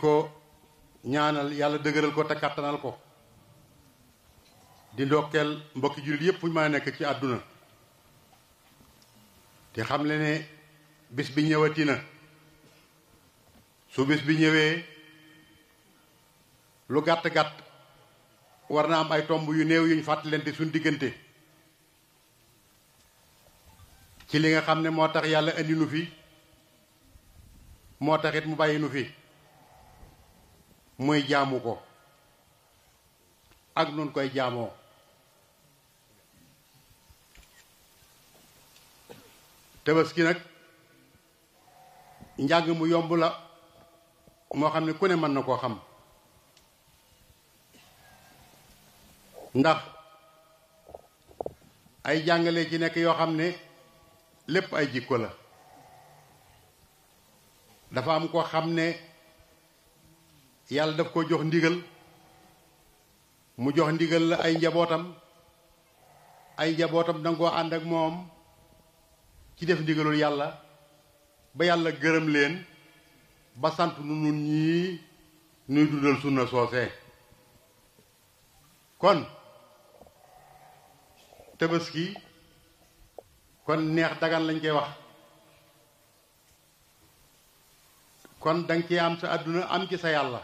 ko ñaanal yàlla dëgëral ko te kàttanal ko di ndokkeel mbokki jullit yépp maa nekk ci àdduna di xam ne ne bis bi ñëwati na su bis bi ñëwee lu gàtt-gàtt war na am ay tomb yu néew yuñ fàttalante suñ diggante ci li nga xam ne moo tax yàlla indi nu fi moo taxit mu bàyyi nu fi muy jaamu ko ak nun koy jaamoo tabaski nag njàng mu yomb la moo xam ne ku ne mën na koo xam ndax ay jàngale ci nekk yoo xam ne lépp ay jikko la dafa am ko xam ne yàlla daf ko jox ndigal mu jox ndigal la ay njabootam ay njabootam danga dangoo ànd ak moom ci def ndigalul yàlla ba yàlla gërëm leen ba sant nu nun ñii nuy dundal sunna soose kon tabaski kon neex dagan lañ koy wax kon danga ci am sa àdduna am ci sa yàlla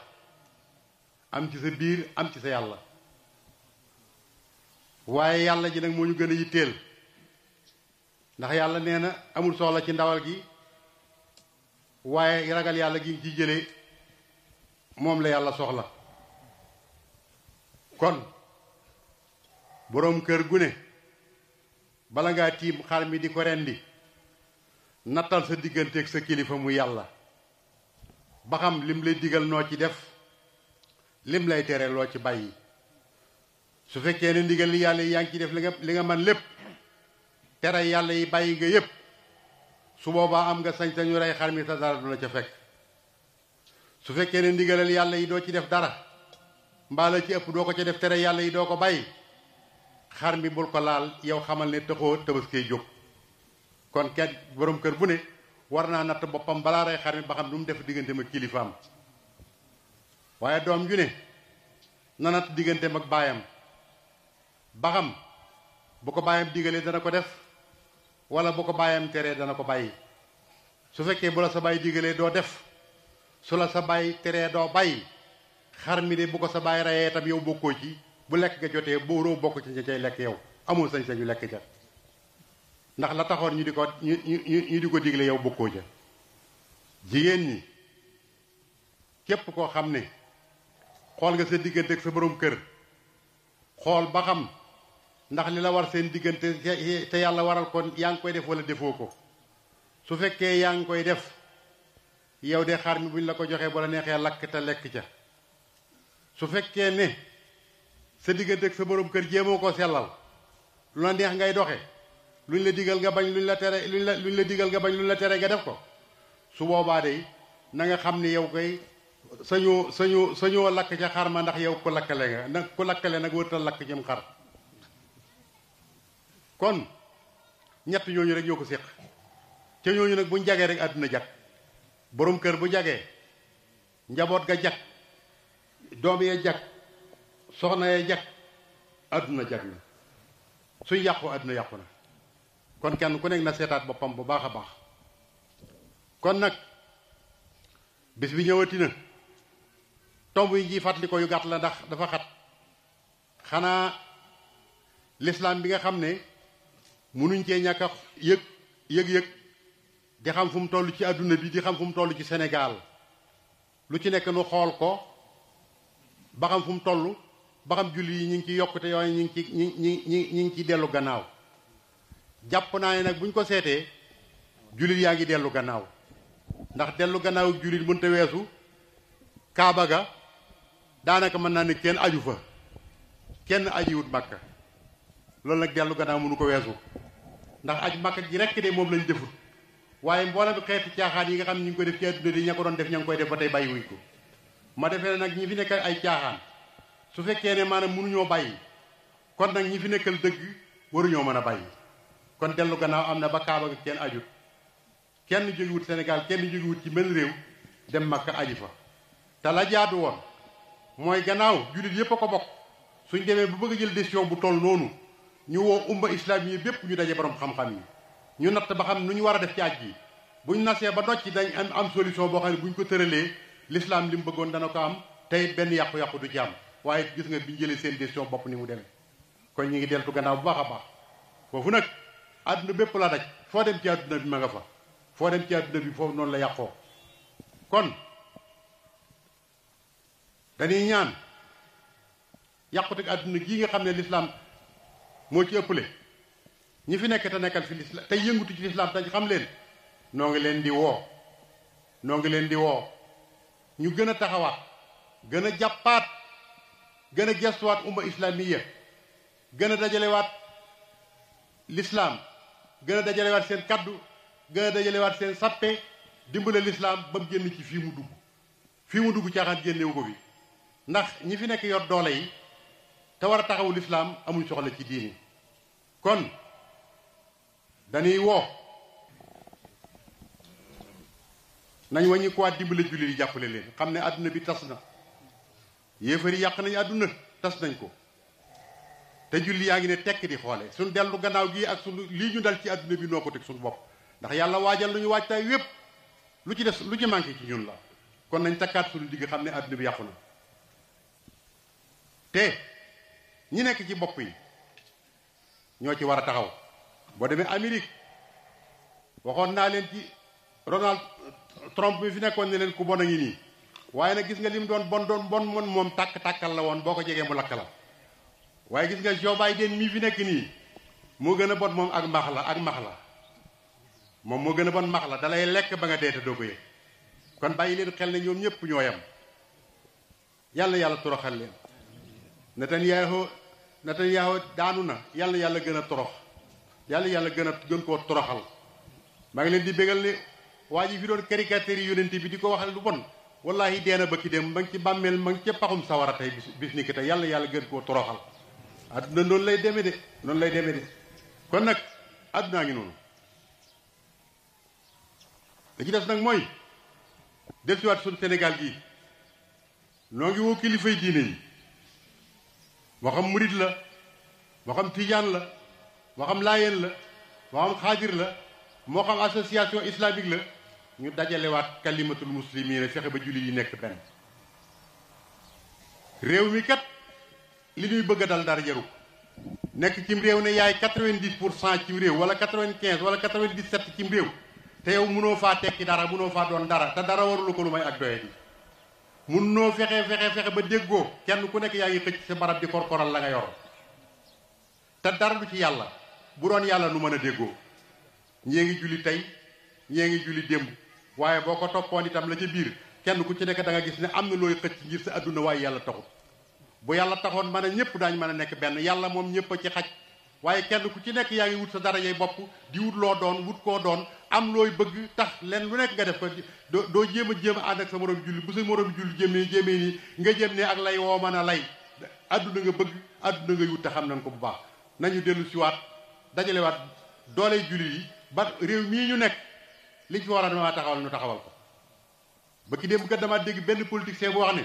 am ci sa biir am ci sa yàlla waaye yàlla ji nag moo ñu gën a yitteel ndax yàlla nee na amul soxla ci ndawal gi waaye ragal yàlla gi nga ciy jëlee moom la yàlla soxla kon boroom kër gune ne bala ngaa tiim xar mi di ko rendi nattal sa digganteeg sa kilifa mu yàlla ba xam lim lay digal noo ci def lim lay tere loo ci bàyyi su fekkee ne ndigal li yàlla yi yaa ngi ci def li nga li nga man lépp tere yàlla yi bàyyi nga yépp su boobaa am nga sañ-sañu rey xar mi sa dara du la ca fekk su fekkee ne ndigalal yàlla yi doo ci def dara mbaa la ci ëpp doo ko ca def tere yàlla yi doo ko bàyyi xar mi bul ko laal yow xamal ne taxoo tabaskee jóg kon kat borom kër bu ne war naa natt boppam balaa rey xar mi ba xam lu mu def diggante ma kilifaam waaye doom ju ne nanat digganteem ak baayam baxam bu ko baayam digalee dana ko def wala bu ko baayam teree dana ko bàyyi su fekkee bu la sa baay digalee doo def su la sa baay teree doo bàyyi xar mi de bu ko sa baay reyee tam yow bokkoo ci bu lekk nga jotee boo roo bokk ci ña cay lekk yow amul sañ-sañu lekk ca ndax la taxoon ñu di ko ñu ñu ñu di ko digle yow bokkoo ca jigéen ñi képp koo xam ne xool nga seen diggante ak sa borom kër xool ba xam ndax li la war seen diggante te yàlla waral ko yaa ngi koy def wala defoo ko su fekkee yaa nga koy def yow de xar mi buñ la ko joxee bu la neexee lakk te lekk ca su fekkee ne sa diggante ak sa borom kër jéemoo ko sellal lu la neex ngay doxe luñ la digal nga bañ luñ la tere luñ la luñ la digal nga bañ luñ la tere nga def ko su boobaa de na nga xam ni yow koy sañoo sañoo sañoo lakk ca xar ma ndax yow ku lakkale nga nag ku lakkale nag wërta lakk jëm xar kon ñett ñooñu rek ñoo ko séq ca ñooñu nag buñ jagee rek àdduna jag borom kër bu jagee njaboot ga jag doom yee jag soxna yee jag àdduna jag na suñ yàqu àdduna yàqu na kon kenn ku nekk na seetaat boppam bu baax a baax kon nag bis bi ñëwati tomb yi ñuy fàttali ko yu gàtt la ndax dafa xat xanaa lislaam bi nga xam ne munuñ cee ñàkk a yëg yëg-yëg di xam fu mu toll ci àdduna bi di xam fu mu toll ci senegaal lu ci nekk nu xool ko ba xam fu mu toll ba xam julli yi ñu ngi ci yokkute yooyu ñu ngi ci ñi ngi ci dellu gannaaw jàpp naa ne nag bu ñu ko seetee jullit yaa ngi dellu gannaaw ndax dellu gannaaw jullit mënta weesu kaaba ga daanaka mën naa ne kenn aju fa kenn ajiwut màkka loolu nag dellu gannaaw mënu ko weesu ndax aj màkka gi rekk de moom lañu defut waaye mboolem xeeti caaxaan yi nga xam ne ñu ngi koy def ci àdduna di ña ko doon def ña koy def ba tey bàyyi wuñ ko ma defee nag ñi fi nekk ay caaxaan su fekkee ne maanaam mënuñoo bay kon nag ñi fi nekkal dëgg waruñoo mën a bay kon dellu gannaaw am na ba kaaba gi kenn ajut kenn jógiwut Sénégal kenn jógiwut ci benn réew dem màkka aji fa te la jaadu mooy gannaaw jullit yépp ko bokk suñ demee bu bëgg a jël décision bu toll noonu ñu woo umma islam yi bépp ñu daje borom xam-xam yi ñu natt ba xam nu ñu war a def ci aj gi buñ nasee ba yi dañ am am solution boo xam ne buñ ko tëralee lislaam li mu bëggoon dana ko am tey benn yàqu-yàqu du ci waaye gis nga biñ jëlee seen décision bopp ni mu demee kon ñu ngi deltu gannaaw bu baax a baax foofu nag àdduna bépp la daj foo dem ci àdduna bi ma fa foo dem ci àdduna bi foofu noonu la yàqoo dañuy ñaan yàquteg àdduna gii nga xam ne lislaam moo ci ëppale ñi fi nekk te nekkal fi lislaam tey yëngutu ci lislaam te xam leen noo ngi leen di woo noo ngi leen di woo ñu gën a taxawaat gën a jàppaat gën a gestuwaat umma islamiya gën a dajalewaat lislaam gën a dajalewaat seen kàddu gën a dajalewaat seen sappe dimbale lislaam ba mu génn ci fii mu dugg fii mu dugg caaxaan génnewu ko fi ndax ñi fi nekk yor doole yi te war a taxawu lislaam amuñ soxla ci diini kon dañuy woo nañ waññi ko dimbale jullit yi jàppale leen xam ne àdduna bi tas na yéefar yàq nañu àdduna tas nañ ko te julli yaa ngi ne tekk di xoole suñu dellu gannaaw gi ak suñu lii ñu dal ci àdduna bi noo ko teg suñu bopp ndax yàlla waajal lu ñu waajtaay wépp lu ci des lu ci manqué ci ñun la kon nañ takkaat suñu digg xam ne àdduna bi yàqu na te ñi nekk ci bopp yi ñoo ci war a taxaw boo demee Amérique waxoon naa leen ci Ronald Trump bi fi nekkoon ne leen ku bon a ngi nii waaye nag gis nga lim doon bon doon bon mën moom tàkk tàkkal la woon boo ko jegee mu lakk la waaye gis nga Joe Biden mii fi nekk nii moo gën a bon moom ak max la ak max la moom moo gën a bon max la dalay lekk ba nga dee te doo ko kon bàyyi leen xel ne ñoom ñépp ñoo yam yàlla yàlla toroxal leen Netanyahu Netanyahu daanu na yàlla yàlla gën a torox yàlla yàlla gën a gën koo toroxal maa ngi leen di bégal ne waa ji fi doon caricature yi bi di ko wax lu bon wallahi deena bëkki dem ma ci bàmmeel ma ngi ca paxum sawara tey bis bis ni ki tey yàlla yàlla gën koo toroxal adduna noonu lay deme de noonu lay deme de kon nag addunaa ngi noonu li ci des nag mooy def siwaat suñu gi gii noo ngi woo kilifa yi diine yi moo xam murit la moo xam tiijaan la moo xam laayeen la moo xam xaadir la moo xam association islamique la ñu dajalewaat kalimatul muslimina fexe ba jullit yi nekk benn réew mi kat li ñuy bëgg a dal dara jaru nekk cim réew ne yaay quatre-vingt-dix pour cent cim réew wala quatre-vingt-quinze wala quatre te yow mënoo faa tekki dara mënoo faa dara te dara warulu ko lu mun noo fexe fexe fexe ba déggoo kenn ku nekk yaa ngi xëcc sa barab di korkoral la nga yor te dara du ci yàlla bu doon yàlla nu mën a déggoo ñee ngi julli tey ñee ngi julli démb waaye boo ko toppoon itam la ca biir kenn ku ci nekk da nga gis ne am na looy xëcc ngir sa adduna waaye yàlla taxut bu yàlla taxoon mën a ñëpp daañ mën a nekk benn yàlla moom ñëpp a ci xaj waaye kenn ku ci nekk yaa ngi wut sa dara yey bopp di wut loo doon wut koo doon am looy bëgg tax leen lu nekk nga def ko doo doo jéem a jéem a ànd ak sa morom julli bu sa morom julli jéemee jéemee nii nga jéem ne ak lay woo mën a lay adduna nga bëgg adduna nga wut te xam nañ ko bu baax nañu dellu siwaat dajalewaat doole julli yi ba réew mii ñu nekk li fi wax a dama taxawal nu taxawal ko ba ki démb kat dama dégg benn politicien bu wax ne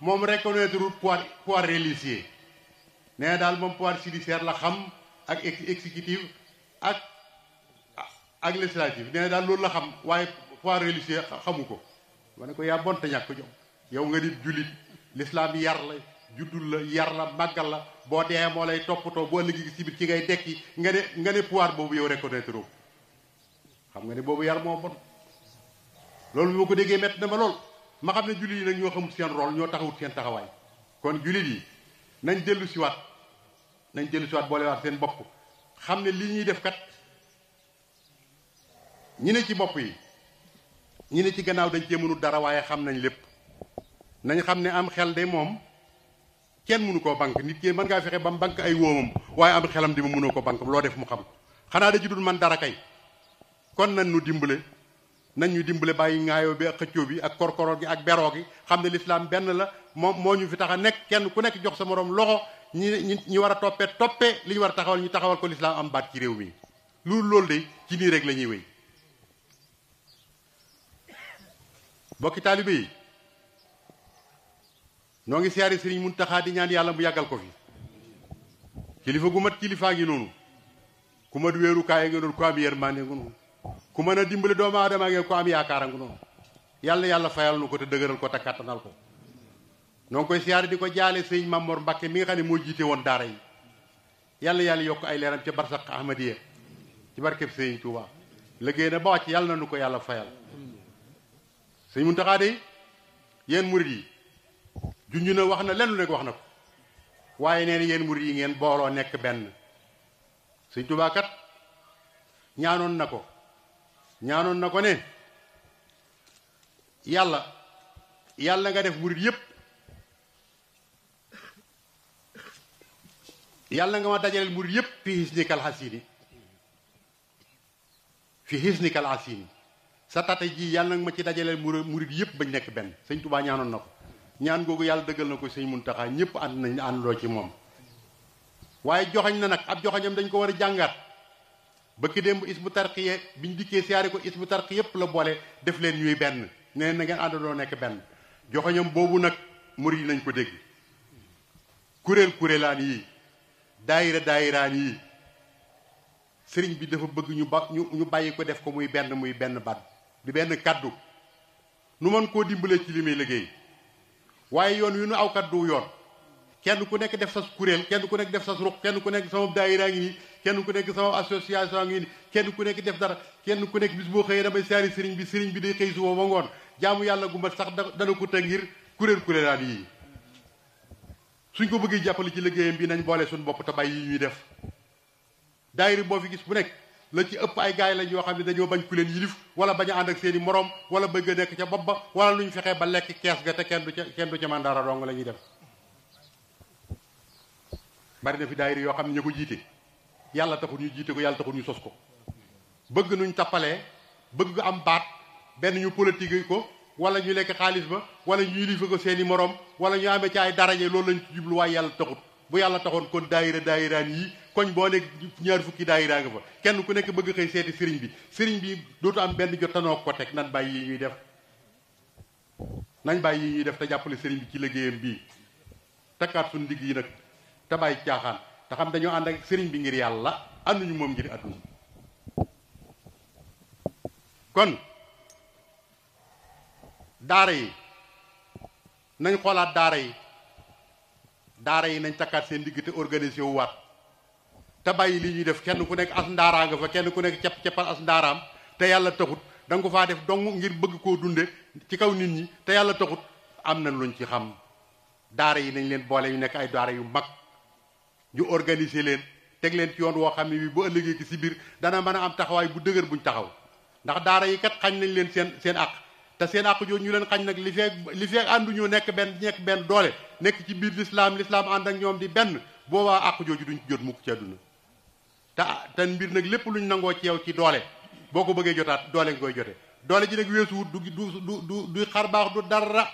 moom reconnaître pouvoir pouvoir religieux nee daal moom pouvoir judiciaire la xam ak exécutif ak ak législative nee daal loolu la xam waaye foi religieux xamu ko ma ne ko yaa bonte ñàkk jom yow nga nit jullit l'islam yar la juddul la yar la màggal la boo dee moo lay toppatoo boo liggéey si ci ngay dekki nga ne nga boobu yow reconnaître ko xam nga ne boobu yar moo bon loolu bi ko déggee métti na ma ma xam ne jullit nag ñoo xamul seen rôle ñoo taxawut seen taxawaay kon jullit yi nañ dellu siwaat nañ dellu siwaat boolewaat seen bopp xam ne lii ñuy def kat ñi ne ci bopp yi ñi ne ci gannaaw dañ cee mënul dara waaye xam nañ lépp nañ xam ne am xel de moom kenn mënu koo bank nit ki mën ngaa fexe ba mu bank ay wóomam waaye am xelam di ma mënoo ko bank loo def mu xam xanaa da ci dul man dara kay kon nan nu dimbale nañ ñu dimbale bàyyi ŋaayoo bi ak xëccoo bi ak korkoroo gi ak beroo gi xam ne lislaam benn la moom moo ñu fi tax a nekk kenn ku nekk jox sa moroom loxo ñi ñi war a toppee toppee li ñu war a taxawal ñu taxawal ko lislaam am baat ci réew mi loolu loolu de ci nii rek la ñuy mbokki taalibe yi noo ngi siyaare sëriñ Muntaxa di ñaan yàlla mu yàggal ko fi kilifa gu mat kilifaa ngi noonu ku mat wéerukaay nga noonu ku am yërmande nga noonu ku mën a dimbale doomu aadama ngeen ku am yaakaara nga noonu yàlla yàlla fayal nu ko te dëgëral ko te kàttanal ko noo koy siyaare di ko jaale sëriñ Mamor Mbàkke mi nga xam ne moo jiite woon daara yi yàlla yàlla yokk ay leeram ca barsaq ahmadiya ci barkeb sëriñ Tuuba liggéey na ba ko yàlla fayal sëñ Muntaxa de yéen murit yi junj na wax na lenn lu nekk wax na ko waaye nee na yéen murit yi ngeen booloo nekk benn sëñ Tuubaa ñaanoon na ko ñaanoon na ko ne yàlla yàlla nga def murit yépp yàlla nga ma dajaleel murit yépp fi xis ni kal xasini fi xis ni kal xasini sa tate ji yàlla nag ma ci dajaleel murid yëpp bañ nekk benn sëñ Touba ñaanoon na ko ñaan googu yàlla dëggal na ko sëñ Muntaxa ñëpp ànd nañ àndandoo ci moom waaye joxañ na nag ab joxañam dañ ko war a jàngaat bëkki démb isbu tarqiye biñ dikkee siyaare ko isbu tarqi yëpp la boole def leen ñuy benn nee na ngeen àndandoo nekk benn joxañam boobu nag murid yi nañ ko dégg kuréel kuréelaan yii daayira daayiraan yii sëriñ bi dafa bëgg ñu ba ñu bàyyi ko def ko muy benn muy benn baat di benn kàddu nu man koo dimbalee ci li muy liggéey waaye yoon wi nu aw kaddu yoon kenn ku nekk def sas kuréel kenn ku nekk def sas ruq kenn ku nekk sama daayira ngi nii kenn ku nekk sama association ngi nii kenn ku nekk def dara kenn ku nekk bis boo xëyee damay saari sëriñ bi sëriñ bi day xëy suba ba ngoon jaamu yàlla guma mat sax dana ko tëg ngir kuréel kuréelaan yii suñ ko bëggee jàppale ci liggéeyam bi nañ boole suñu bopp te bàyyi yi ñuy boo fi gis bu nekk la ci ëpp ay gaay lañ yoo xam ne dañoo bañ ku leen yilif wala bañ a ànd ak seen i morom wala bëgg a nekk ca bopp ba wala lu ñu fexee ba lekk kees ga te kenn du ca kenn du ca man dara dong la ñuy def bari na fi daayira yoo xam ne ñu ko jiite yàlla taxul ñu jiite ko yàlla taxul ñu sos ko bëgg nuñ tappalee bëgg am baat benn ñu politique ko wala ñu lekk xaalis ba wala ñu yilife ko seen i morom wala ñu amee ci ay daraje loolu lañ jublu waaye yàlla taxut bu yàlla taxoon kon daayira daayiraan yi koñ boo nekk ñaar fukki daayira fa kenn ku nekk bëgg xëy seeti sëriñ bi sëriñ bi dootu am benn jot tanoo ko teg nan bàyyi ñuy def nañ bàyyi ñuy def te jàppale sëriñ bi ci liggéeyam bii takkaat suñu ndigg yi nag te bàyyi caaxaan te xam dañoo ànd sëriñ bi ngir yàlla ànduñu moom ngir àdduna kon daara yi nañ xoolaat daara yi daara yi nañ takkaat seen digg te organisé wu waat te bàyyi li ñuy def kenn ku nekk as ndaaraa nga fa kenn ku nekk cap ceppal as ndaaraam te yàlla taxut danga ko faa def dong ngir bëgg koo dunde ci kaw nit ñi te yàlla taxut am na luñ ci xam daara yi nañ leen boole ñu nekk ay daara yu mag ñu organiser leen teg leen ci yoon woo xam ne bi bu ëllëgee ci si biir dana mën a am taxawaay bu dëgër buñ taxaw ndax daara yi kat xañ nañ leen seen seen àq te seen àq jooju ñu leen xañ nag li feeg li feeg ànduñu nekk benn nekk benn doole nekk ci biir lislaam lislaam ànd ak ñoom di benn boobaa àq jooju duñ jot mukk ci àdduna te te mbir nag lépp luñ nangoo ci yow ci doole boo ko bëggee jotaat doole nga koy jote doole ji nag weesuwut du du du du xar baax du dara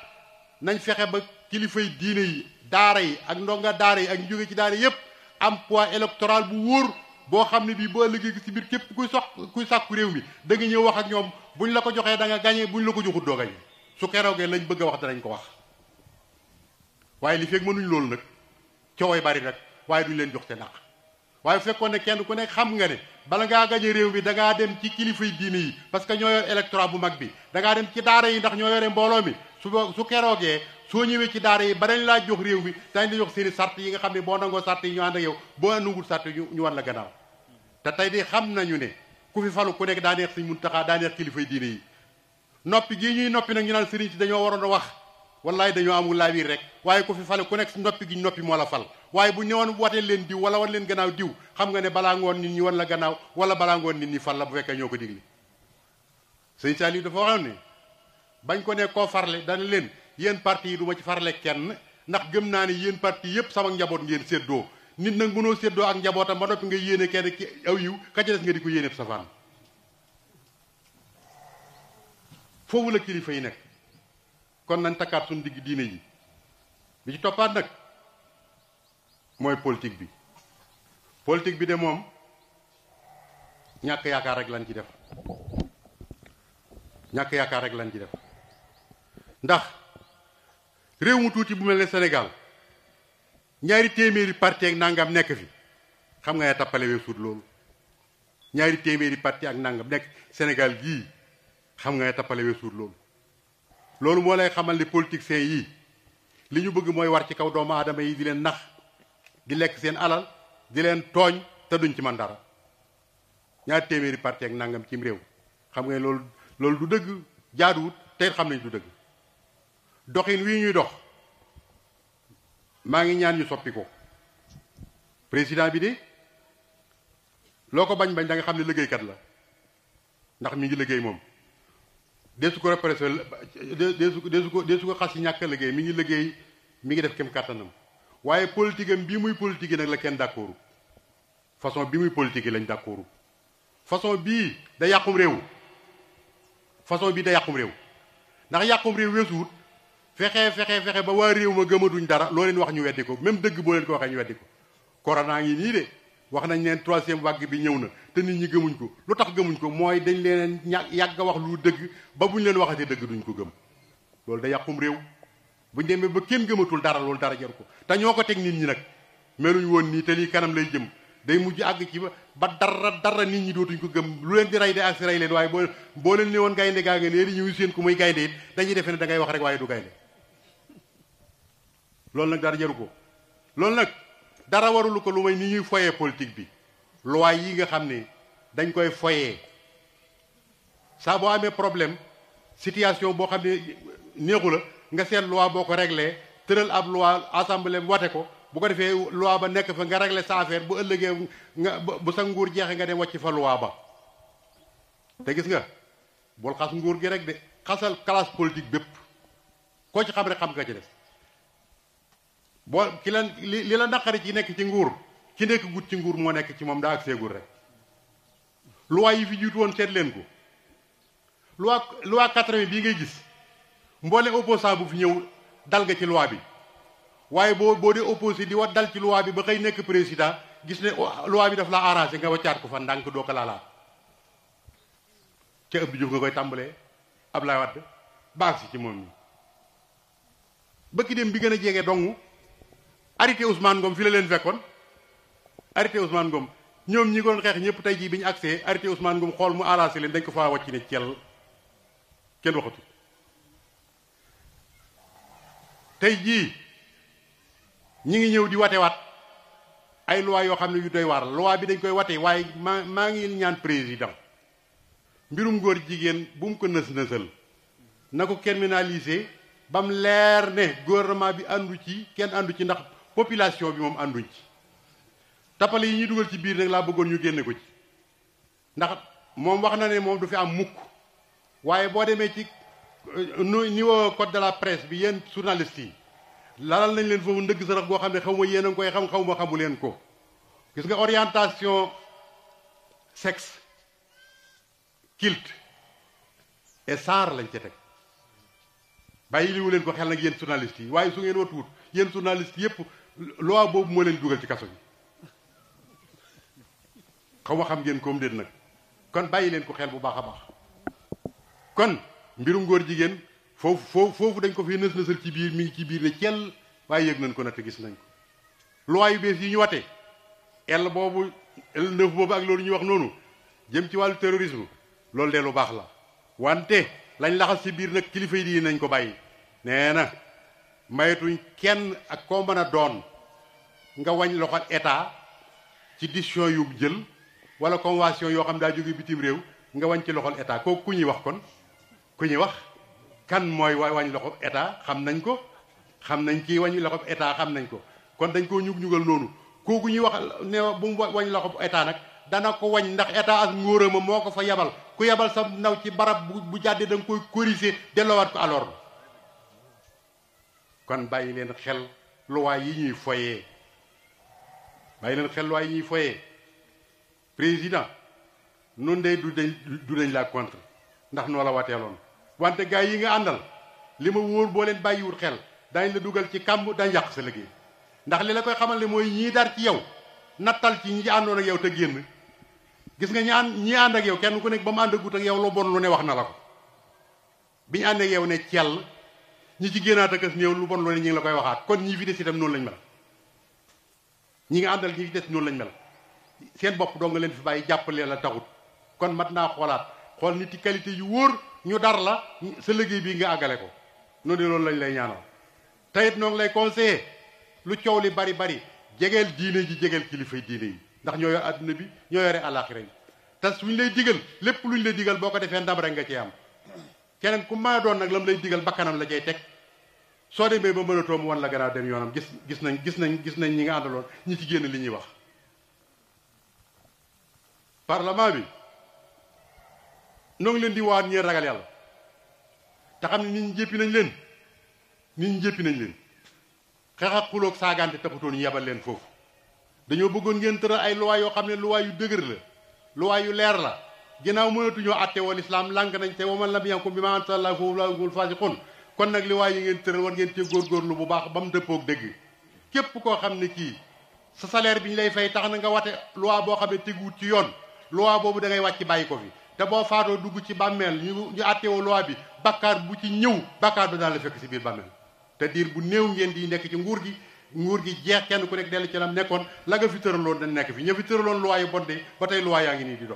nañ fexe ba kilifay diine yi daara yi ak ndonga daara yi ak ñu jóge ci daara yépp am poids électoral bu wóor boo xam ne bii boo ëllëgee si biir képp kuy sox kuy sàkku réew mi da nga ñëw wax ak ñoom bu buñ la ko joxee da nga gañee buñ la ko joxut doo gañee su keroogee lañ bëgg a wax danañ ko wax waaye li fekk loolu nag cooway bari rek waaye duñ leen jox te waaye fekkoon ne kenn ku nekk xam nga ne bala ngaa gañe réew mi da dem ci kilifay diine yi parce que ñoo yor bu mag bi da ngaa ci daara yi ndax ñoo yore mbooloo mi su su keroogee soo ñëwee ci daara yi ba laa jox réew mi dañ la jox seeni sart yi nga xam ne boo nangoo sart yi ñu ànd yow boo nangul sart yi ñu wan la gannaaw te tey di xam nañu ne ku fi falu ku nekk daa neex sëñ Muntaxa daa neex kilifay diine yi noppi gii ñuy noppi nag ñu naan sëriñ si dañoo waroon a wax wallaay dañoo amul laa biir rek waaye ku fi fale ku nekk noppi gi noppi moo la fal waaye bu ñëwoon watee leen diw wala wan leen gannaaw diw xam nga ne balaa ngoon nit ñi wan la gannaaw wala balaa ñi fal la bu fekkee ñoo ko digli sëñ Saliou dafa waxoon ne bañ ko nekk koo farle dana leen yéen parti yi duma ma ci farle kenn ndax gëm naa ne yéen parti yépp sama njaboot ngeen séddoo nit nag mënoo séddoo ak njabootam ba noppi nga yéene kenn ki aw yiw ka ca des nga di ko yéene safaan foofu la kilifa yi nekk kon nañ takkaat suñu digg diine yi bi ci toppaat nag mooy politique bi politique bi de moom ñàkk yaakaar rek lañ ci def ñàkk yaakaar rek lañ ci def ndax réew mu tuuti bu mel ne Sénégal ñaari téeméeri parti ak nangam nekk fi xam nga ne tappale weesuut loolu ñaari téeméeri parti ak nangam nekk Sénégal gii xam nga ne tappale weesuut loolu loolu moo lay xamal ni politiciens yi li ñu bëgg mooy war ci kaw doomu aadama yi di leen nax di lekk seen alal di leen tooñ te duñ ci man dara ñaari téeméeri parti ak nangam cim réew xam nga loolu loolu du dëgg jaaduwut tey xam nañ du dëgg doxin wii ñuy dox maa ngi ñaan ñu soppi ko président bi de loo ko bañ bañ da nga xam ne liggéeykat la ndax mi ngi liggéey moom desu ko repressé desu desu ko desu ko xas ci ñàkk liggéey mi ngi liggéey mi ngi def kem kàttanam waaye politique am bii muy politique nag la kenn d'accordu façon bi muy politique lañ d'accordu façon bii da yàqum réew façon bii da yàqum réew ndax yàqum réew weesuwut fexe fexe fexe ba waa réew ma gëmatuñ dara loo leen wax ñu weddi ko même dëgg boo leen ko waxee ñu weddi ko corona ngi nii de wax nañ leen troisième vague bi ñëw na te nit ñi gëmuñ ko lu tax gëmuñ ko mooy dañ leen ña yàgg a wax lu dëgg ba buñ leen waxatee dëgg duñ ko gëm loolu da yàqum réew buñ demee ba kenn gëmatul dara loolu dara jaru ko te ñoo ko teg nit ñi nag meluñ woon nii te lii kanam lay jëm day mujj àgg ci ba dara dara nit ñi dootuñ ko gëm lu leen di rey de ak si boo boo leen ne woon gaynde gaa nga nee di ñëw seen ku muy gaynde it ngay wax rek waaye du gaynde loolu nag dara jaru ko loolu nag dara warulu ko lu may ni ñuy foyee politique bi loi yii nga xam ni dañ koy foyee saa boo amee problème situation boo xam ne néexu la nga seen loi boo ko réglé tëral ab loi assemblée wate ko bu ko defee loi ba nekk fa nga regle sa bu ëllëgee nga bu sa nguur jeexee nga dem wàcc fa loi ba te gis nga bul xas nguur gi rek de xasal classe politique bépp koo ci xam rek xam nga ci def boo ki la li li la naqari ci nekk ci nguur ci nekk gut ci nguur moo nekk ci moom daa ak seegul rek loi yi fi jiitu woon seet leen ko loi loi quatre bii ngay gis mboole opposant bu fi ñëw dal nga ci loi bi waaye boo boo dee opposé di wa dal ci loi bi ba xëy nekk président gis ne loi bi daf la arrangé nga waccaat ko fa ndànk doo ko laalaat ca Abdou Diouf nga koy tàmbalee Abdoulaye Wade baax si ci moom mi bëkki dem bi gën a jege dong arrêté Ousmane Ngom fi la leen fekkoon arrêté Ousmane Ngom ñoom ñi ko doon xeex ñëpp tey jii bi ñu agsee arrêté Ousmane Ngom xool mu arrangé leen dañ ko faa wàcc ne cel kenn waxatu tey jii ñi ngi ñëw di watewaat ay loi yoo xam ne yu day waar la bi dañ koy wate waaye maa maa ngi ñaan président mbirum góor jigéen bu mu ko nës-nësal na ko criminaliser ba mu leer ne gouvernement bi àndu ci kenn àndu ci ndax population bi moom ànduñ ci tappale yi ñuy dugal ci biir nag laa bëggoon ñu génne ko ci ndax moom wax na ne moom du fi am mukk waaye boo demee ci euh, niveau code de la presse bi yéen journalistes yi lalal nañ leen foofu ndëgg sarax goo xam ne xaw ma yéen a ngi koy xam xaw ma xamu leen ko gis nga orientation sexe culte et genre lañ ca teg bàyyi liwu leen ko xel nag yéen journalistes yi waaye su ngeen watuwut yéen yépp loi boobu moo leen dugal ci kaso bi xaw xam ngeen koom déet nag kon bàyyi leen ko xel bu baax a baax kon mbirum ngóor jigéen foofu foofu dañ ko fi nës nësal ci biir mi ci biir ne cell waaye yëg nañ ko nag te gis nañ ko loi yu bees yi ñu watee el boobu L neuf boobu ak loolu ñuy wax noonu jëm ci wàllu terrorisme loolu de lu baax la wante lañ laxas ci biir nag kilifa yi di nañ ko bàyyi nee na maytuñ kenn ak koo mën a doon nga wañ loxo état ci décision yu jël wala convention yoo xam daa jóge bitim réew nga wañ ci loxol état kooku ku ñuy wax kon ku ñuy wax kan mooy waay wañ loxo état xam nañ ko xam nañ kii wañ loxo état xam nañ ko kon dañ koo ñug ñugal noonu kooku ñuy wax ne bu mu wañ loxo état nag dana ko wañ ndax état ak ngóorama moo ko fa yabal ku yabal sa ndaw ci barab bu jàddee da nga koy corriger delloowaat ko alors kon bàyyi leen xel loi yi ñuy foyee bàyyi leen xel waay ñuy foyee président nun de du dañ du dañ la contre ndax noo la wateeloon wante gars yi nga àndal li ma wóor boo leen bàyyiwut xel daañ la dugal ci kàmb dañ yàq sa liggéey ndax li la koy xamal ne mooy ñii dar ci yow nattal ci ñi àndoon ak yow te génn gis nga ñi ànd ñi ànd ak yow kenn ku nekk ba mu ànd agut ak yow lu bon lu ne wax na la ko bi ñu ànd ak yow ne cell ñi ci génnaat ak as néew lu bon lu ne ñu ngi la koy waxaat kon ñii lañ mel ñi nga àndal ñi des ñoo lañ mel seen bopp doo nga leen fi bàyyi jàpp jàppale la taxut kon mat naa xoolaat xool nit yi qualité yu wóor ñu dar la sa liggéey bii nga àggale ko noonu loolu lañ lay ñaanal tayit noo ngi lay conseiller lu coow li bari bari jegeel diine ji jegeel kilifay diine yi ndax ñoo yor adduna bi ñoo yore àllaaxira yi te suñ lay digal lépp luñ lay digal boo ko defee ndam rek nga cee am keneen ku maa doon nag lam lay digal bakkanam la cay teg soo demee ba mënatoo mu wan la gannaaw dem yoonam gis gis nañ gis nañ gis nañ ñi nga àndaloon ñi ci génn li ñuy wax parlement bi noo ngi leen di waan ñeen ragal yàlla te xam ne nit ñi jéppi nañ leen nit ñi nañ leen xeex ak xuloog saagante taxutoon ñu leen foofu dañoo bëggoon ngeen tëral ay luwaay yoo xam ne luwaay yu dëgër la luwaay yu leer la ginnaaw mënatuñoo àtte wa islam lànk nañ te waman lam yankum bi ma anzala foofu laa ngul faasiqun kon nag li waay yi ngeen tëral war ngeen cee góorgóorlu bu baax ba mu dëppoog dëgg képp koo xam ne kii sa salaire bi ñu lay fay tax na nga wate loi boo xam ne teguwut ci yoon loi boobu dangay ngay wàcc bàyyi ko fi te boo faatoo dugg ci bàmmeel ñu ñu àtteewoo bi bakkaar bu ci ñëw bakkaar bi daal la fekk si biir bàmmeel te diir bu néew ngeen di nekk ci nguur gi nguur gi jeex kenn ku nekk dellu ci lam nekkoon la nga fi tëraloon dañ nekk fi ña fi tëraloon loi yu de ba tey yaa ngi nii di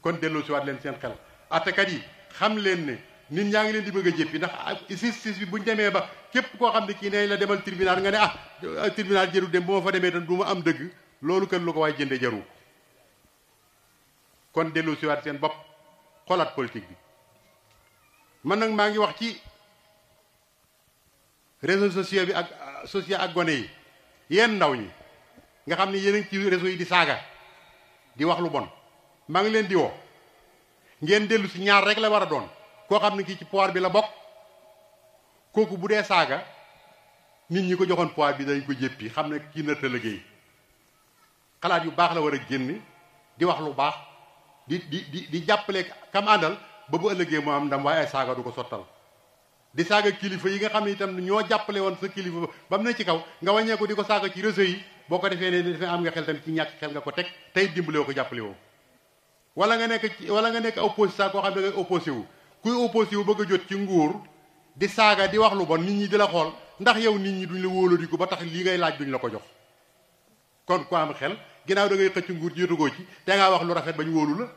kon delloo si waat leen seen xel atekat yi xam leen ne nit ñaa ngi leen di bëgg a jëppi ndax ah justice bi buñ demee ba képp koo xam ne kii ne la demal tribunal nga ne ah, ah tribunal jëru dem bu ma fa demee tan du ma am dëgg loolu kan lu ko waay jënde jaru kon dellu siwaat seen bopp xoolaat politique bi man nag maa ngi wax ci réseaux sociaux bi ak ah, sociaux ak gone yi yéen ndaw ñi nga xam ne yéen a ngi ci réseau yi di saaga di wax lu bon maa ngi leen di woo ngeen dellu si ñaar rek la war a doon koo xam ne kii ci pouvoir bi la bokk kooku bu dee saaga nit ñi ko joxoon pouvoir bi dañ ko jéppi xam ne kii nërta liggéey xalaat yu baax la war a génn di wax lu baax di di di di jàppale kam àndal ba bu ëllëgee moo am ndam waaye ay saaga du ko sottal di saaga kilifa yi nga xam ne itam ñoo jàppale woon sa kilifa ba mu ne ci kaw nga wàññee ko di ko saaga ci réseau yi boo ko defee ne defee am nga xel tamit ci ñàkk xel nga ko teg tey dimbale ko jàppale woo wala nga nekk wala nga nekk opposition koo xam ne nga wu kuy opposé wu bëgg a jot ci nguur di saaga di wax lu bon nit ñi di la xool ndax yow nit ñi duñ la wóoladiku ba tax lii ngay laaj duñ la ko jox kon ku am xel ginnaaw da ngay xëcc nguur jiitugoo ci te ngaa wax lu rafet ba ñu wóolu la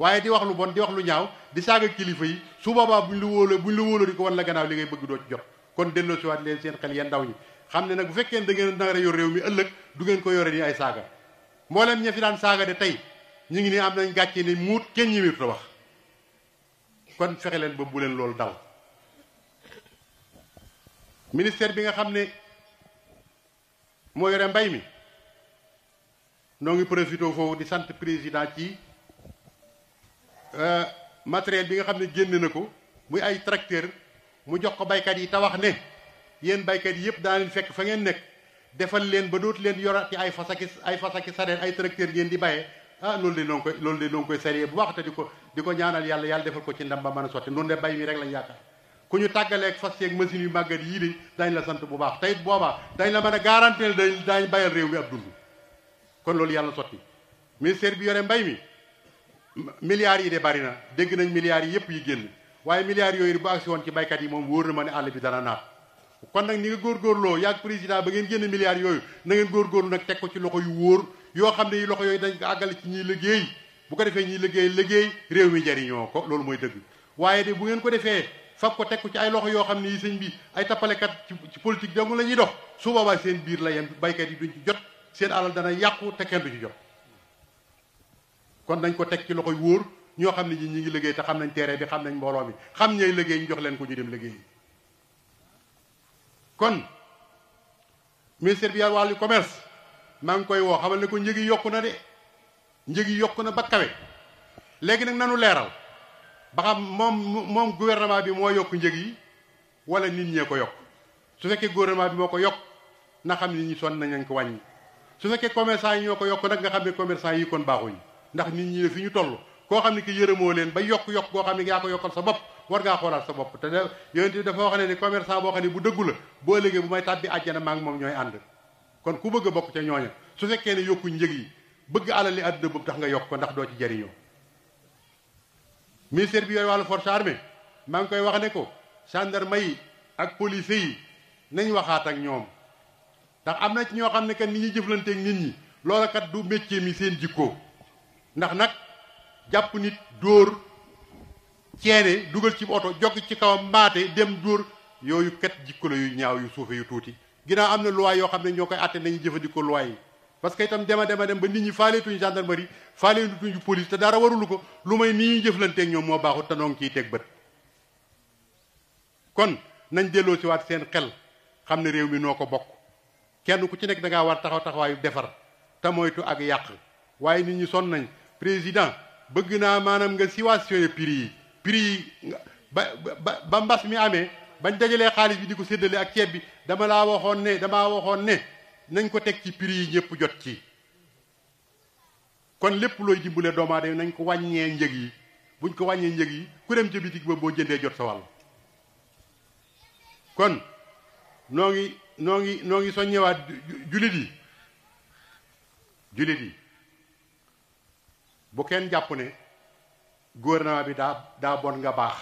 waaye di wax lu bon di wax lu ñaaw di saaga kilifa yi su boobaa buñ la wóolo buñ la wóoladiku wan la gannaaw li ngay bëgg doo ci jot kon delloo siwaat leen seen xel yeen ndaw ñi xam ne nag bu fekkee da ngeen nar a yor réew mi ëllëg du ngeen ko yore ni ay saaga mboolem ña fi daan saaga de tey ñu ngi ni am nañ gàcce ni muut kenn ñi miir ta wax kon fexe leen ba bu leen loolu dal ministère bi nga xam ne moo yore mbay mi noo ngi profité foofu di sant président ci euh, matériel bi nga xam ne génn na ko muy ay tracteur mu jox ko baykat yi te wax ne yéen baykat yi yëpp daa leen fekk fa ngeen nekk defal leen ba dootu leen yorati ay fasaki ay fasaki sareet ay tracteur ngeen di bayee ah loolu de noo koy loolu de noo ngi koy saree bu baax te di ko di ko ñaanal yàlla yàlla defal ko ci ndam ba mën a sotti noonu de bay mi rek lañ yaakaar ku ñu tàggaleeg fas yeeg machine yu màggat yii de dañ la sant bu baax tayit booba dañ la mën a garanteel dañ dañ bayal réew mi ab dund kon loolu yàlla sotti ministère bi yore mbay mi milliards yi de bari na dégg nañ milliards yi yëpp yi génn waaye milliards yooyu bu agsi woon ci baykat yi moom wóor na ma ne àll bi dana naat kon nag ni nga góorgóorloo yaag président ba ngeen génn milliards yooyu na ngeen góorgóorlu nag teg ko ci loxo yu wóor yoo xam ne yi loxo yooyu dañ ko àggale ci ñiy liggéey bu ko defee ñuy liggéey liggéey réew mi jariñoo ko loolu mooy dëgg waaye de bu ngeen ko defee fab ko teg ko ci ay loxo yoo xam ne yi sëñ bi ay tappalekat ci politique dong la ñuy dox su boobaa seen biir la yem baykat yi duñ ci jot seen alal dana yàqu te kenn du ci jot kon nañ ko teg ci loxoy wóor ñoo xam ne ñi ñi ngi liggéey te xam nañ terrain bi xam nañ mbooloo mi xam ñay liggéey ñu jox leen ko ñu dem liggéey kon ministère bi wàllu commerce maa ngi koy woo xamal ne ko njëgi yokku na de njëg yi yokk na ba kawe léegi nag nanu leeral ba xam moom moom gouvernement bi moo yokk njëg yi wala nit ñee ko yokk su fekkee gouvernement bi moo ko yokk na xam nit ñi sonn nañ ko wàññi su fekkee commerçant yi ñoo ko yokk nag nga xam ne commerçant yi kon baaxuñu ndax nit ñi fi ñu toll koo xam ne ki yërëmoo leen ba yokk-yokk xam ne yaa ko yokkal sa bopp war ngaa xoolaat sa bopp te yonent dafa wax ne ni commerçant boo xam ne bu dëggu la boo léegi bu may tàbbi àjjana maa ngi moom ñooy ànd kon ku bëgg bokk ca ñooña su fekkee ne yokku njëg yi bëgg alal li àdduna boobu tax nga yokk ko ndax doo ci jariñoo ministère bi yore wàllu force armée maa ngi koy wax ne ko gendarme yi ak police yi nañ waxaat ak ñoom ndax am na ci ñoo xam ne kat ni ñuy jëflanteeg nit ñi loola kat du métier mi seen jikkoo ndax nag jàpp nit dóor ceene dugal ci oto jog ci kawam maate dem dóor yooyu kat jikko la yu ñaaw yu suufe yu tuuti ginnaaw am na loi yoo xam ne ñoo koy àtte nañu jëfandikoo luwaay yi parce que itam dema dema dem ba nit ñi faaleetuñ gendarmerie faaleetuñ police te dara warulu ko lu may ni ñuy jëflanteeg ñoom moo baaxut te noo ngi ciy teg bët kon nañ delloo si waat seen xel xam ne réew mi noo ko bokk kenn ku ci nekk dangaa war taxaw taxawaayu defar te moytu ak yàq waaye nit ñi son nañ président bëgg naa maanaam nga situation prix yi prix yi ba ba ba mbas mi amee bañ dajalee xaalis bi di ko séddale ak ceeb bi dama laa waxoon ne damaa waxoon ne nañ ko teg ci prix yi ñëpp jot ci kon lépp looy dimbale doomu aadama nañ ko wàññee njëg yi buñ ko wàññee njëg yi ku ci ca bitig ba boo jëndee jot sa wal kon noo ngi noo ngi noo ngi soññewaat jullit yi jullit yi bu kenn jàpp ne gouvernement bi daa bon nga baax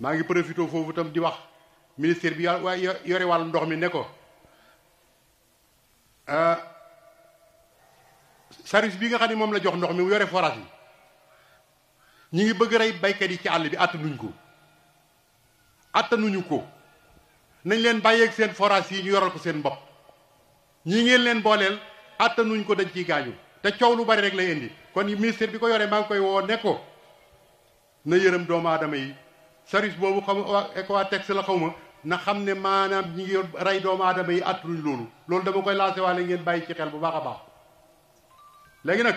maa ngi profité foofu tam di wax ministère bi yore wàllu ndox mi ne ko Euh, service bi nga xam ne moom la jox ndox mi mu yore forage yi ñu ngi bëgg rey baykat yi ci àll bi attanuñ ko attanuñu ko nañ leen bàyyeeg seen forage yi ñu yoral ko seen bopp ñii ngeen leen booleel attanuñ ko dañ ciy gaañu te coow lu bari rek lay indi kon ministère bi ko yoree maa ngi koy woo nekkoo na yërëm doomu aadama yi service boobu xaw ma ECOWATEX la xaw ma na xam ne maanaam ñi ngi rey doomu adama yi àttuñ loolu loolu dama koy lancé waale ngeen bàyyi ci xel bu baax a baax léegi nag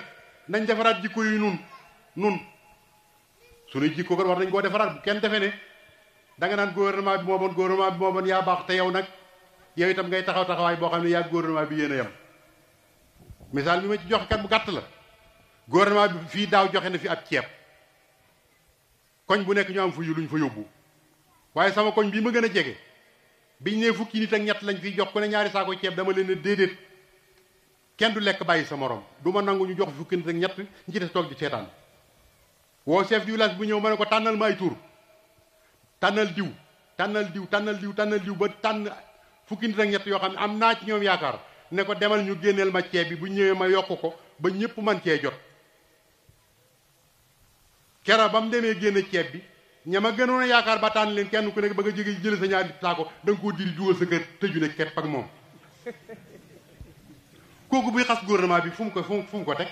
nañ defaraat jikko yi nun nun suñuy jikko kon war nañ koo defaraat bu kenn defe ne danga naan gouvernement bi moo bon gouvernement bi moo bon yaa baax te yow nag yow itam ngay taxaw taxawaay boo xam ne yaa gouvernement bi yéen a yem misaal bi ma joxe kat bu gàtt la gouvernement bi fii daaw joxe na fi ab ceeb koñ bu nekk ñu am fu yu waaye sama koñ bii ma gën a jege biñ ne fukki nit ak ñett lañ fiy jox ku ne ñaari saako ceeb dama leen ne déedéet kenn du lekk bàyyi sa moroom du ma nangu ñu jox fukki nit ak ñett ñi ci des toog di seetaan woo chef du village bu ñëw ma ne ko tànnal ma ay tuur tànnal diw tànnal diw tànnal diw tànnal diw ba tànn fukki nit ak ñett yoo xam ne am naa ci ñoom yaakaar ne ko demal ñu génneel ma ceeb bi bu ñëwee ma yokk ko ba ñëpp man cee jot kera ba mu demee génne ceeb bi ña a gënoon yaakaar ba tànn leen kenn ku nekk ba nga jógee jële sa ñaari saako da nga koo diri dugal sa kër tëju moom kooku buy xas gouvernement bi fu mu ko fu mu ko teg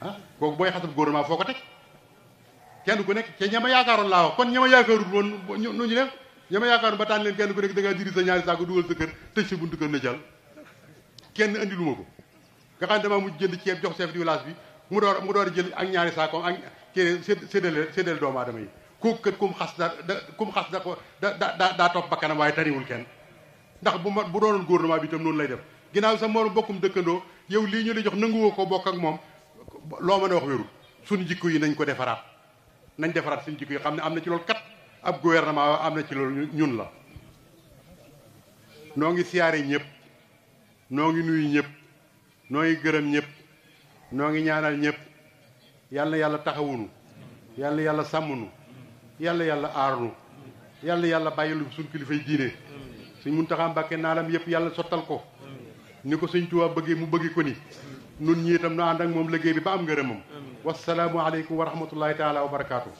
ah kooku booy xasal gouvernement foo ko teg kenn ku nekk te ña yaakaaroon laa kon ña ma yaakaarul woon ñu ñu def ña ma leen kenn ku nekk da ngaa diri saako dugal sa buntu kër na jàll kenn andi lu ma ko nga xam ne damaa mujj jënd ceeb jox chef du village bi mu door mu door jël ak ñaari saakoom ak. cee séddale séddale doomu aadama yi ko da da daa topp bakkanam waaye tariwul kenn ndax bu ma bu doonoon gouvernement bi itam noonu lay def ginnaaw sa moom bokkum dëkkandoo yow lii ñu la jox nanguwoo ko bokk ak moom loo mën a wax wérul suñu jikko yi nañ ko defaraat nañ defaraat suñu jikko yi xam ne am na ci loolu kat ab gouvernement am na ci loolu ñun la noo ngi siyaare ñëpp noo ngi nuyu ñëpp noo ngi gërëm ñëpp noo ngi ñaanal ñëpp yàlla yàlla taxawunu yàlla yàlla sàmmunu yàlla yàlla aarnu yàlla yàlla bàyyilu suñ kilifay diine suñ Muntaxa Mbàkke naalam yëpp yàlla sottal ko ni ko sëñ Tuubaa bëggee mu bëgge ko ni nun ñi itam na ànd ak moom liggéey bi ba am ngërëmam wasalaamu aleykum wa rahmatullahi taala wa barakaatu